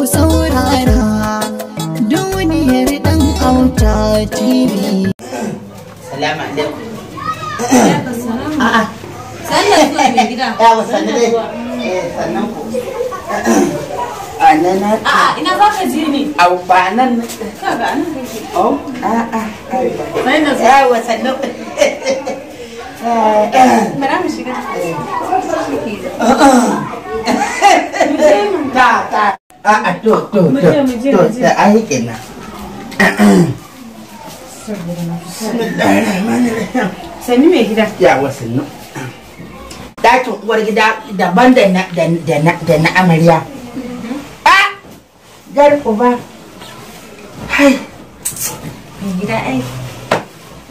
ku saurara duniyar dan auta TV. Salamu alaikum. A'a. Sannan zuwa mai gida. Yawa sannan dai. Eh, sannan ku. Anan na. A'a ina za ka je ne. Au ba nan. Ka ga anan kake. Au oh, a'a. Sannan zuwa. Yawa sannan. a'a to to to to gida sannu gida daban amarya a gar gida ai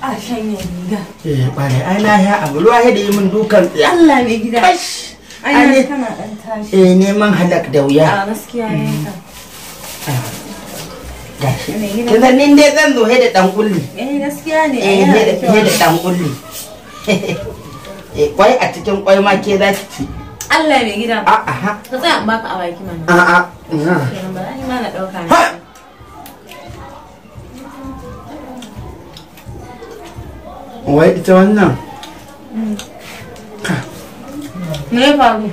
a shanya riga eh bare ai na ya abu ruwa ya da yi min dukan Allah gida ai kana dan tashi eh, neman halak da wuya a gaskiya ne mm. ah, dai zan zo da dan kulli eh gaskiya ne eh he da dan kulli eh kwai a cikin kwai ma ke zaki ci Allah mai gida a ah, a ha ka tsaya baka a baki mana a ah, a ina ba ni ma na dauka wai ita wannan mm. me faru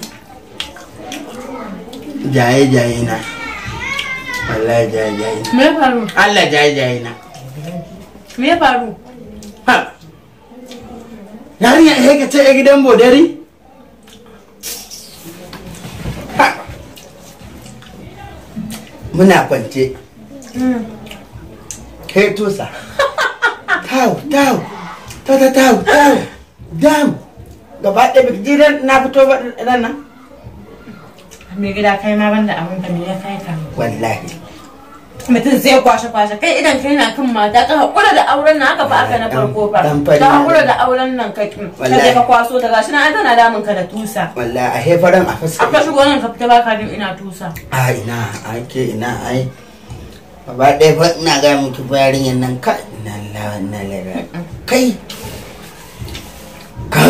jaye jaye na wallahi jaye jaye me faru Allah jaye jaye na me faru ha yarinya he eh, ka ce eh, gidan bodari muna kwance mm. kai tusa tau tau tau tau tau dam gaba ɗaya biki jiran na fito ba ran nan mai gida kai ma banda abin ka me ya kai ka wallahi mutum zai kwashe kwashe kai idan kai na kan mata ka hakura da auren nan haka fa aka na farko ba ka hakura da auren nan ka kin ka ka kwaso ta gashi na an tana damun ka da tusa wallahi a hefaran a fasa aka shigo nan ka fita baka jin ina tusa a ina ake ina ai gaba ɗaya fa ina ga muku bayarin nan ka ina la na la kai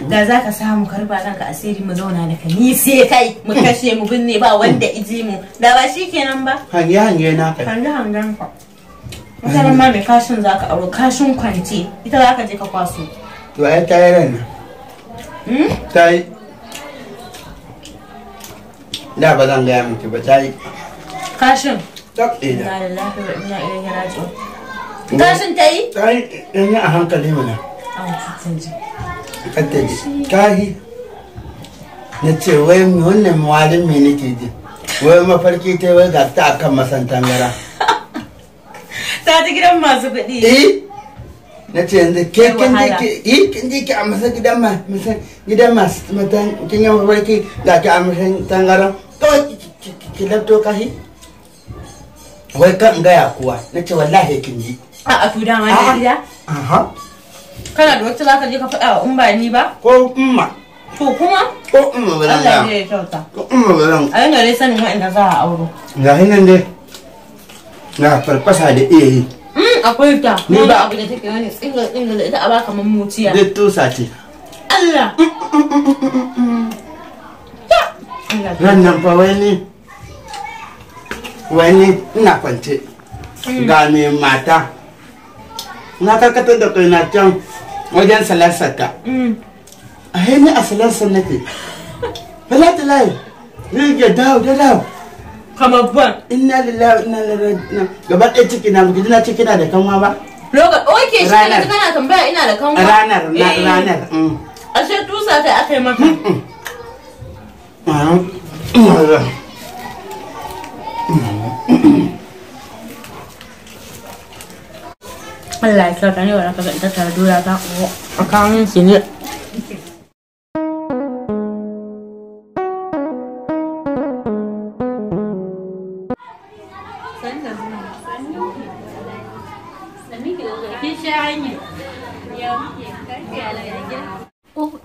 da za ka samu karba ranka asiri mu zauna da ka ni kai mu kashe mu binne ba wanda iji mu da ba shi kenan ba hange hange na kai hange hangen ka mutanen ma mai kashin za ka aro kashin kwance ita za ka je ka kwaso to ai ta yi ran hmm? ta yi da ba zan gaya miki ba ta yi kashin tak ina lillahi wa inna ilaihi raji'un kashin ta yi ta yi a hankali mana a cikin ka tafi kahi na ce wai wannan walin me ji wai mafarki ta wai ga ta akan masantan gara ta ta gidan masu kuɗi eh na ce yanzu ke eh, kin je ki eh kin ki a masa gidan ma masa gidan matan kin yi mafarki ga ki a kawai ki labto kahi wai kan gaya kuwa na ce wallahi kin ji a a tuda ma da gida kana da wata zaka je ka faɗa wa umma ni ba ko umma to kuma ko umma ba zan Allah ya kyauta ko umma ba zan a yana dai sanin inda za a auro ga hinan dai na farfasa da iya yi mm, akwai ta ni ba abu da take wani tsinga tsinga da ita a baka mamuciya zai tusa ce Allah mm, mm, ran nan fa wani wani ina kwance ga mai mata na karkatar mm. eh, da kai na can wajen salasa ka a ni a na ke bala ta layi ga dawo da dawo kama ban inna lalawa inna lalawa gaba ɗaya ciki na muke na ciki na da kanwa ba lokacin oke shi kana kana tambaya ina da kanwa ranar ranar ashe tusa kai akai maka mm, mm. Ah, tattara ne ba za ka ga in tattara doya ta a kamun ki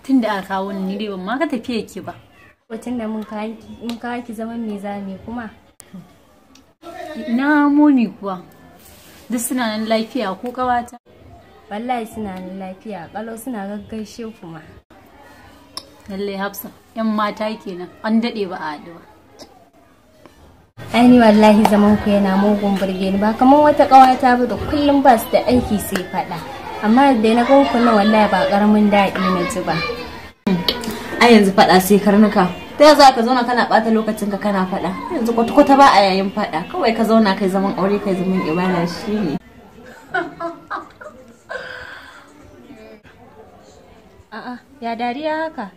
tun da aka kawo ni ne, ban ma ka tafiye ki ba. Tun da mun kawo ki zaman me zame kuma. Na muni kuwa. Duk suna nan lafiya ko kawata. wallahi suna nan lafiya kalo suna gaggaishe kuma lallai hafsa yan mata kenan an daɗe ba a haɗu ba aini wallahi zaman ku yana mugun burge ni ba kamar wata ta ba da kullum ba su da aiki sai faɗa amma da na ga ku na wallahi ba ƙaramin daɗi na ji ba a yanzu faɗa sai karnuka ta yanzu ka zauna kana ɓata lokacin ka kana faɗa yanzu kwata-kwata ba a yayin faɗa kawai ka zauna kai zaman aure kai zaman ibada shine A'a, ya dariya haka?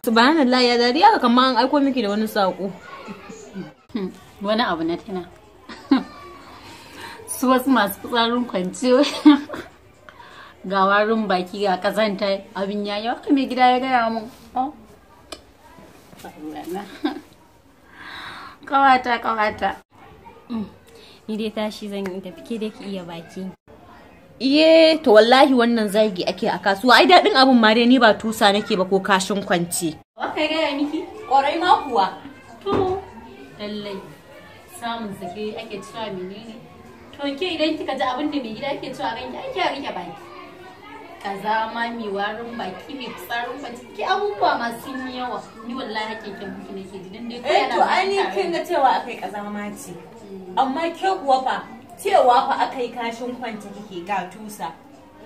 Subhanallah ya dariya haka kamar an aiko miki da wani saƙo. Hmm, wani abu na tana. Su wasu masu fitsarin kwanciyo. Ga warin baki ga kazanta abin yayi. Haka mai gida ya gaya mun. Oh. Kawata kawata. Mm. Ni dai tashi zan yi tafi ke dai ki iya baki. Iye to wallahi wannan zagi ake a kasuwa ai daɗin abin ma dai ni ba tusa nake ba ko kashin kwance. Wakai gaya miki ƙwarai ma kuwa. To lalle samun sake ake cewa menene. To ke idan kika ji abin da mai gida ake cewa ganki ake rike baki. kaza ma mi warin baki mai tsarin baki ki abubuwa masu yi yawa ni wallahi hakin kin buki nake ji dan dai kai eh, to ani kin ga cewa akai kaza ma ce mm. amma ke kuwa fa cewa fa akai kashin kwanta kike ga tusa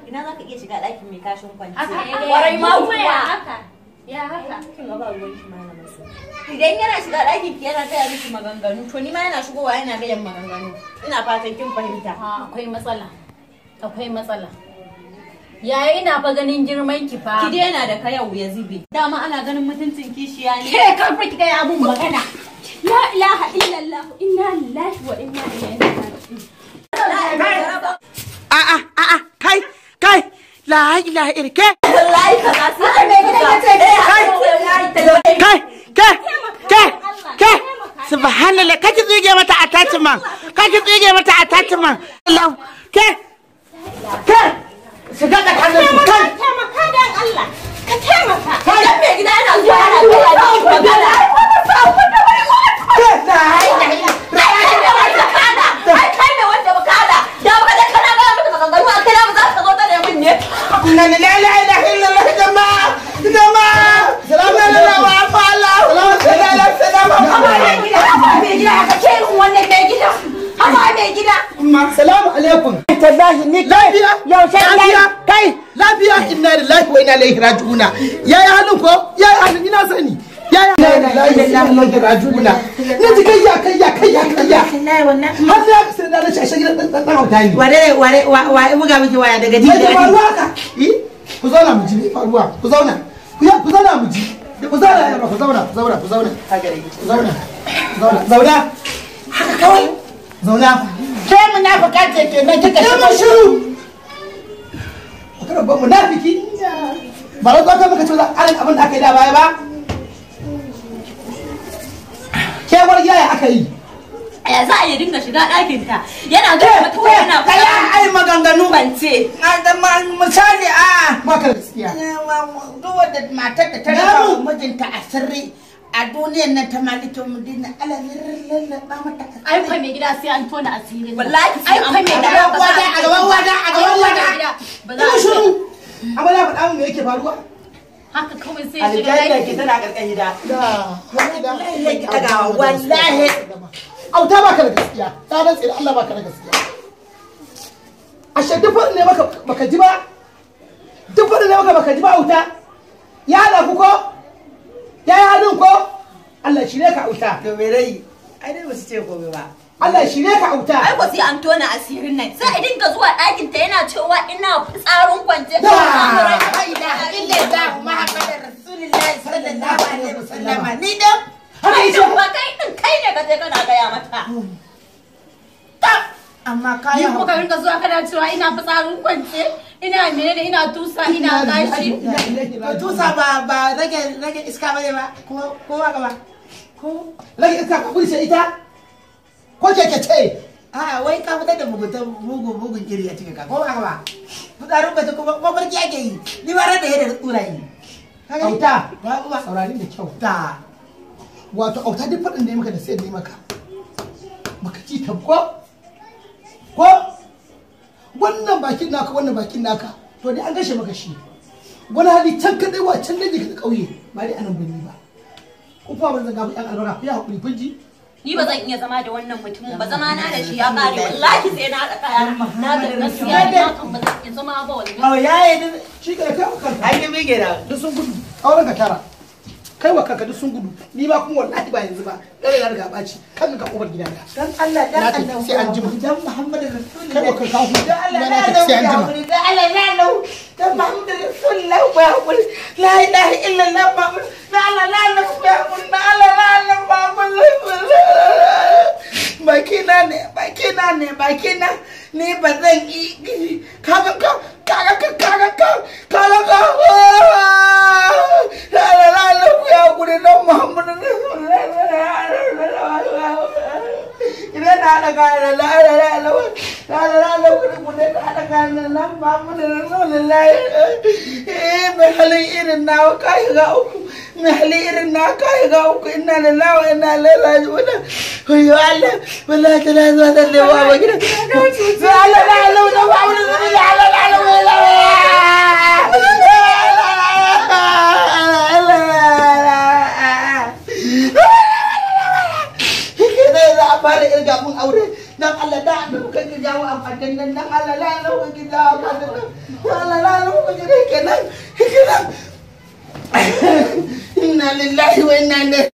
ina zaka iya shiga ɗakin mai kashin kwanta eh, kwarai eh, ma kuwa ya haka kin ga ba ruwan shi malamin idan yana shiga ɗakin ki yana gaya miki maganganu to ni ma yana shigowa yana gaya maganganu ina fatan kin fahimta akwai matsala akwai matsala Yaya ina fa ganin girman ki fa. Ki daina da kayau ya zube. Dama ana ganin mutuncin kishiya ne. Ke karfi ki kai abun magana. La ilaha illallah inna lillahi wa inna ilaihi raji'un. A a a a kai kai la ilaha irke. ke. Wallahi ka ga su. me gidan ka ce kai kai kai kai kai subhanallah kake tsige mata attachment kake tsige mata attachment Allah ke ke shiga tsakanin su kan taimaka dan Allah ka taimaka dan mai gida yana zuwa yana zuwa da magana Na na na na Salamu alaikum. Tallahi ni rajuna ya yi halin ko yi halin ina sani yi halin ina ilaihi rajuna na ji kai ya kai ya kai ya kai ya har sai aka sai na rashin ashe gidan dan dan hauta ne ware ware wa buga miki waya daga jiki ne faruwa haka ku zauna mu ji faruwa ku zauna ku zauna mu ji ku zauna ku zauna ku zauna ku zauna ku zauna zauna zauna haka kawai zauna kenan kika shiru ba munafiki ba wai kwata baka ce za abin da aka yi da baya ba kewar ya aka yi ya za a yi dinga shiga ɗakin ta yana ga mutu yana kuma kaya ai maganganu bance misali a maka gaskiya duk wanda matar da ta raba mijinta a sirri a duniyar nan ta malike mu dinna ala lallaba mata ai fa mai gida sai an tona asiri wallahi ai fa mai gida ba za a gaban wada a gaban wada a gaban wada ba za a amma na faɗa min me yake faruwa haka kawai sai shi aljanna ki tana karkan gida wallahi ki daga wallahi auta baka da gaskiya ta rantsi da Allah baka da gaskiya ashe duk ne maka baka ji ba duk ne maka baka ji ba auta ya da ku ko ya yi hannun ko Allah shi ne ka auta to me rai ai dai ba su ce komai ba Allah shi ne ka auta. Ai ba sai an tona asirin nan. Sai a dinga zuwa ɗakin ta yana cewa ina tsarin kwance. Da ila illa Muhammadar Rasulullahi sallallahu alaihi wasallama. Ni dan Haka ita ba kai din kai ne ka je kana gaya mata. Hmm. Amma kaya. Ni kuka rinka zuwa kana cewa ina fitsarin kwance, ina mene menene ina tusa, ina gashi. Tusa ba ba rage rage iska ne ba, ko ko ba. Ko rage iska ka kulce ita. ko keke ce a wai ka fitar da mugunta mugun mugun iri a cikin ka ko ba ba fitsarin ka kuma mafarki ake yi ni ba ran da yadda tsura yi kaga ita ba ba saurarin da kyau ta wato auta duk faɗin da ya maka da sai da ya maka Baka ci ta ko ko wannan bakin naka wannan bakin naka to dai an gashe maka shi wani hali can kadai wa can da ka kauye ba dai anan birni ba ku fa ban zanga ku yan albarka ku ya hakuri kun ji ni ba zan iya zama da wannan mutumin ba zama na da shi ya bare wallahi sai na haɗa kaya na da gaskiya ni kan ba zan zama ba wallahi oh yaye din shi ke kai ku ka ai ne mege da duk sun gudu auren ka tara kai wa kanka duk sun gudu ni ma kuma wallahi ba yanzu ba dare na riga baci kan ka kofar gidana dan Allah dan Allah sai an jima dan Muhammadu Rasulullahi kai wa kanka hu dan Allah dan Allah dan Allah dan Muhammadu Rasulullahi wa la ilaha illallah Muhammadu bakin nan ni ba zan yi kaga ka kaga ka ka kaga ka la ku ya don muhammadu da rana rana kuɗi kuɗi ka haɗa kayan nan ba mu da nuna layi eh mai halin irin nawa ka ga uku mai halin irin na ka ga uku ina da lawa ina laila wani huyo Allah wala ta na zuwa da lewa ba gida Allah na Allah na ba mu da nuna Allah na Allah na jawo akwatin nan dan ala la la ku ki jawo akwatin nan Allah la la ku ki kenan kenan inna lillahi wa inna ilaihi